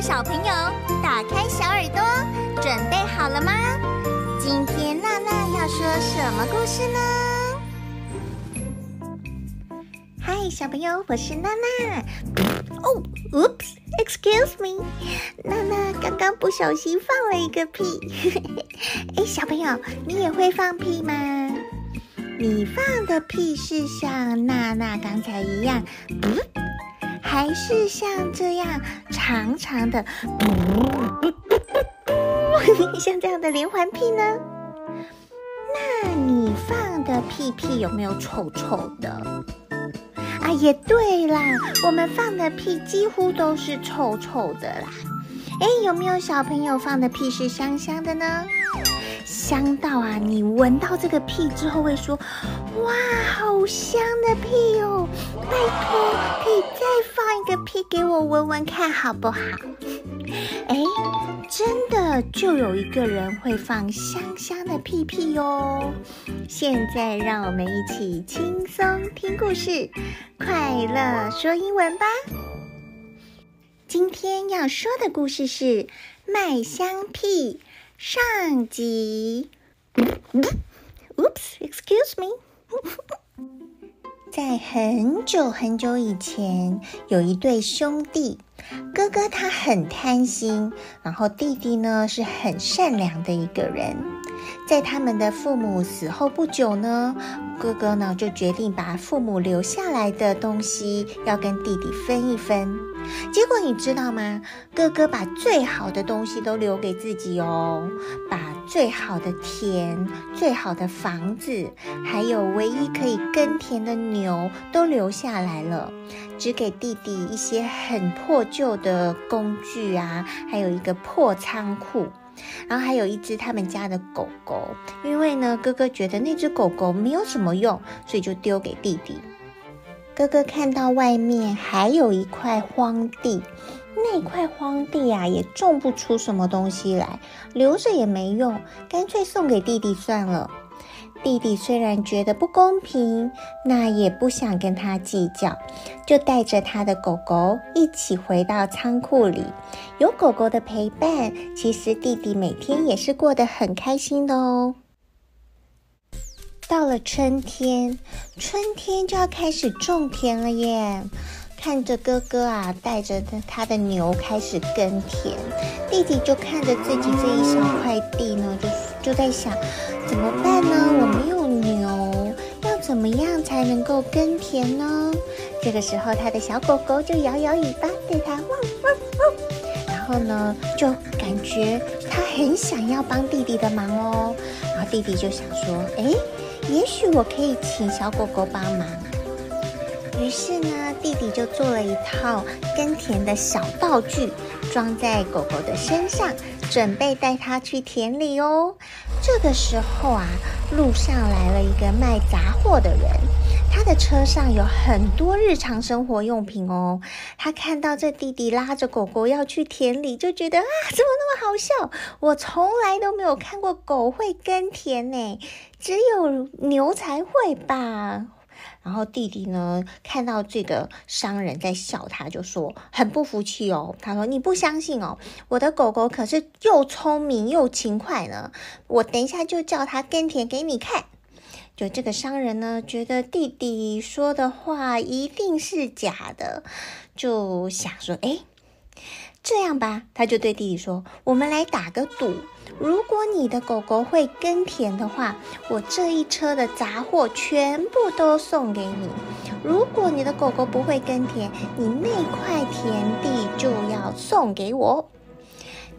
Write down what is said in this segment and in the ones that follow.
小朋友，打開小耳朵，準備好了嗎？今天娜娜要說什麼故事呢？嗨，小朋友，我是娜娜。哦、oh，Oops，Excuse me，娜娜剛剛不小心放了一個屁。哎， 小朋友，你也會放屁嗎？你放的屁是像娜娜剛才一樣，嗯。還是像這樣長長的， 像這樣的連環屁呢？那你放的屁屁有沒有臭臭的？啊，也對啦，我們放的屁幾乎都是臭臭的啦。誒，有沒有小朋友放的屁是香香的呢？香到啊，你聞到這個屁之後會說，哇，好香的屁哦！個屁給我聞聞看好不好？哎，真的就有一個人會放香香的屁屁哦！現在讓我們一起輕鬆聽故事，快樂說英文吧。今天要說的故事是《賣香屁》上集。 Oops, excuse me. 在很久很久以前，有一對兄弟，哥哥他很貪心，然後弟弟呢是很善良的一個人。在他們的父母死後不久呢，哥哥呢就決定把父母留下來的東西要跟弟弟分一分。結果你知道嗎？哥哥把最好的東西都留給自己哦，把，最好的田、最好的房子，還有唯一可以耕田的牛都留下來了，只給弟弟一些很破舊的工具啊，還有一個破倉庫，然後還有一隻他們家的狗狗。因為呢，哥哥覺得那隻狗狗沒有什麼用，所以就丟給弟弟。哥哥看到外面還有一塊荒地。那塊荒地呀、啊，也種不出什麼東西來，留着也沒用，乾脆送給弟弟算了。弟弟雖然覺得不公平，那也不想跟他計較，就帶着他的狗狗一起回到倉庫裡。有狗狗的陪伴，其實弟弟每天也是過得很開心的哦。到了春天，春天就要開始種田了耶。看着哥哥啊，帶着他的牛開始耕田，弟弟就看着自己這一小塊地呢，就就在想怎麼辦呢？我沒有牛，要怎麼樣才能夠耕田呢？這個時候，他的小狗狗就搖搖尾巴，對他汪汪汪，然後呢，就感覺他很想要幫弟弟的忙哦。然後弟弟就想說，哎，也許我可以請小狗狗幫忙。於是呢，弟弟就做了一套耕田的小道具，裝在狗狗的身上，準備帶它去田裡哦。這個時候啊，路上來了一個賣雜貨的人，他的車上有很多日常生活用品哦。他看到這弟弟拉着狗狗要去田裡，就覺得啊，怎麼那麼好笑？我從來都沒有看過狗會耕田呢，只有牛才會吧。然後弟弟呢，看到這個商人在笑他，就說很不服氣哦。他說：“你不相信哦，我的狗狗可是又聰明又勤快呢，我等一下就叫它耕田給你看。”就這個商人呢，覺得弟弟說的話一定是假的，就想說：“哎。”這樣吧，他就對弟弟說：“我們來打個賭，如果你的狗狗會耕田的話，我這一車的雜貨全部都送給你；如果你的狗狗不會耕田，你那塊田地就要送給我。”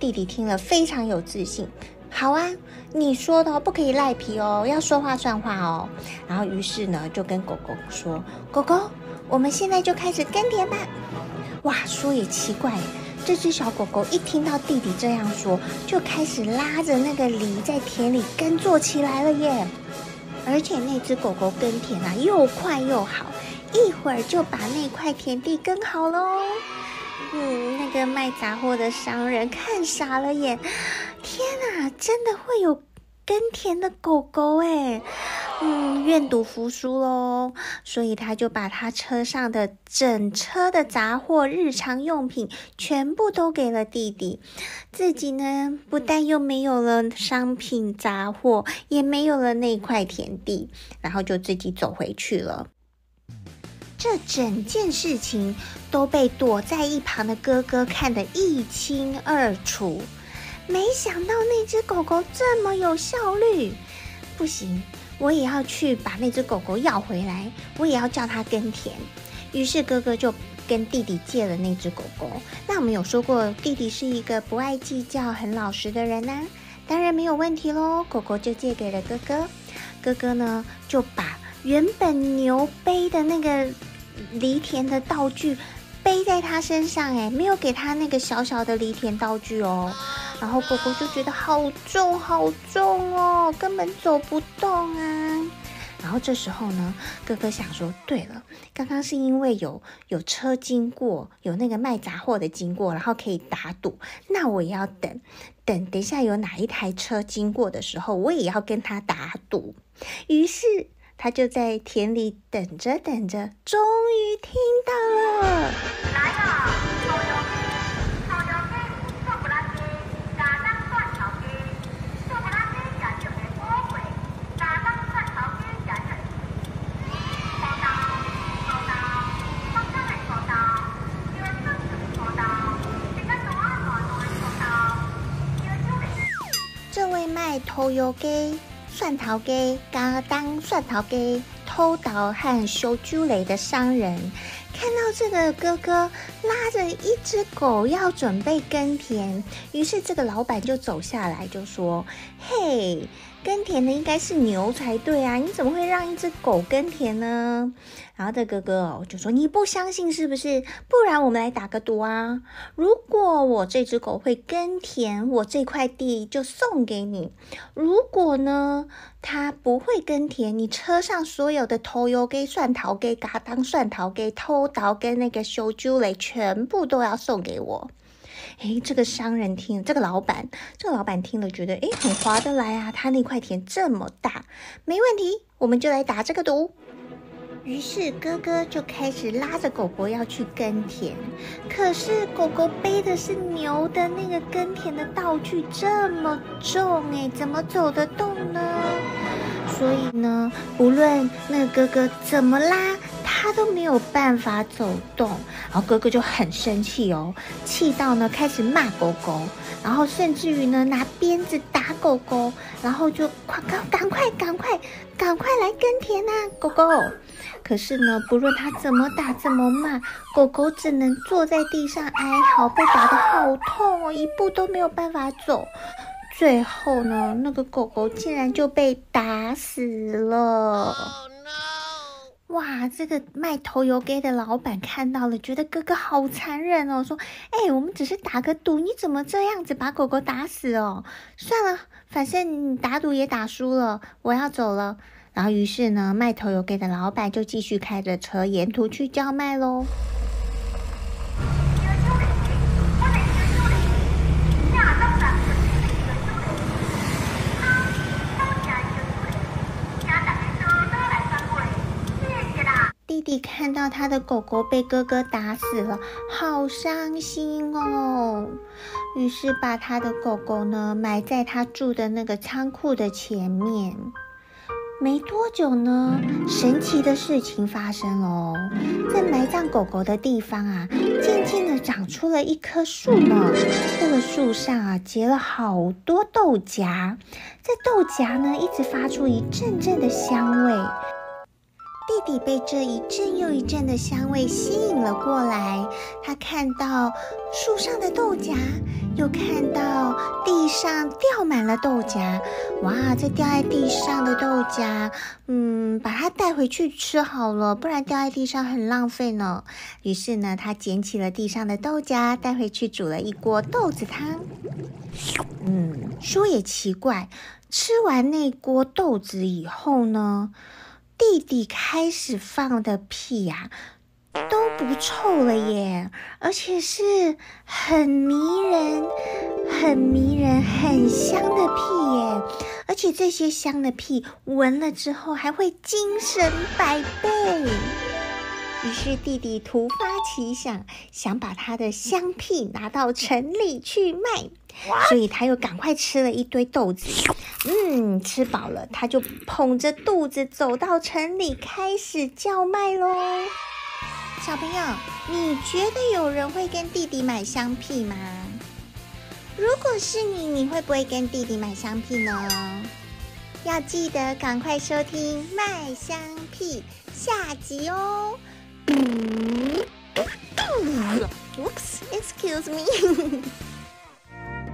弟弟聽了非常有自信：“好啊，你說的哦，不可以賴皮哦，要說話算話哦。”然後於是呢，就跟狗狗說：“狗狗，我們現在就開始耕田吧。”哇，說也奇怪。這隻小狗狗一聽到弟弟這樣說，就開始拉着那個犁在田裡耕作起來了耶！而且那隻狗狗耕田啊，又快又好，一會兒就把那塊田地耕好嘍。嗯，那個賣雜貨的商人看傻了耶！天哪，真的會有耕田的狗狗耶！嗯，願賭服輸咯。所以他就把他車上的整車的雜貨、日常用品全部都給了弟弟，自己呢，不但又沒有了商品雜貨，也沒有了那塊田地，然後就自己走回去了。這整件事情都被躲在一旁的哥哥看得一清二楚。沒想到那隻狗狗這麼有效率，不行。我也要去把那隻狗狗要回來，我也要叫它耕田。於是哥哥就跟弟弟借了那隻狗狗。那我們有說過，弟弟是一個不愛計較、很老實的人呢、啊，當然沒有問題嘍。狗狗就借給了哥哥，哥哥呢就把原本牛背的那個犁田的道具背在他身上，誒，沒有給他那個小小的犁田道具哦。然後狗狗就覺得好重好重哦，根本走不動啊。然後這時候呢，哥哥想說，對了，剛剛是因為有有車經過，有那個賣雜貨的經過，然後可以打賭，那我也要等，等等一下有哪一台車經過的時候，我也要跟他打賭。於是他就在田裡等着等着，終於聽到了，來了。偷油雞、蒜頭雞、嘎當、蒜頭雞、偷刀和修竹雷的商人，看到這個哥哥拉着一隻狗要準備耕田，於是這個老闆就走下來就說：“嘿。”耕田的應該是牛才對啊，你怎麼會讓一隻狗耕田呢？然後這哥哥就說，你不相信是不是？不然我們來打個賭啊！如果我這隻狗會耕田，我這塊地就送給你；如果呢，它不會耕田，你車上所有的頭油給蒜頭給嘎當蒜頭給偷桃跟那個修豬雷全部都要送給我。誒，這個商人聽這個老闆，這個老闆聽了覺得誒，很划得來啊，他那塊田這麼大，沒問題，我們就來打這個賭。於是哥哥就開始拉着狗狗要去耕田，可是狗狗背的是牛的那個耕田的道具這麼重誒，怎麼走得動呢？所以呢，無論那個哥哥怎麼拉。他都沒有辦法走動，然後哥哥就很生氣哦，氣到呢開始罵狗狗，然後甚至於呢拿鞭子打狗狗，然後就快趕趕快趕快趕快來耕田啊！狗狗！可是呢不論他怎麼打怎麼罵，狗狗只能坐在地上哀嚎，被打得好痛哦，一步都沒有辦法走。最後呢那個狗狗竟然就被打死了。哇，這個賣頭油給的老闆看到了，覺得哥哥好殘忍哦，說：“哎、欸，我們只是打個賭，你怎麼這樣子把狗狗打死哦？算了，反正打賭也打輸了，我要走了。”然後，於是呢，賣頭油給的老闆就繼續開着車，沿途去叫賣嘍。看到他的狗狗被哥哥打死了，好傷心哦。於是把他的狗狗呢埋在他住的那個倉庫的前面。沒多久呢，神奇的事情發生了哦，在埋葬狗狗的地方啊，漸漸的長出了一棵樹呢。這個樹上啊結了好多豆莢，這豆莢呢一直發出一陣陣的香味。弟弟被這一陣又一陣的香味吸引了過來，他看到樹上的豆莢，又看到地上掉滿了豆莢。哇，這掉在地上的豆莢，嗯，把它帶回去吃好了，不然掉在地上很浪費呢。於是呢，他撿起了地上的豆莢，帶回去煮了一鍋豆子湯。嗯，說也奇怪，吃完那鍋豆子以後呢。弟弟開始放的屁呀、啊，都不臭了耶，而且是很迷人、很迷人、很香的屁耶，而且這些香的屁聞了之後還會精神百倍。於是弟弟突發奇想，想把他的香屁拿到城裡去賣，所以他又趕快吃了一堆豆子。嗯，吃飽了，他就捧着肚子走到城裡，開始叫賣嘍。小朋友，你覺得有人會跟弟弟買香屁嗎？如果是你，你會不會跟弟弟買香屁呢、哦？要記得趕快收聽《賣香屁》下集哦。嗯 Oops，Excuse me。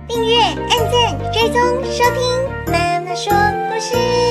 訂閱、按讚、追蹤、收聽。說不是。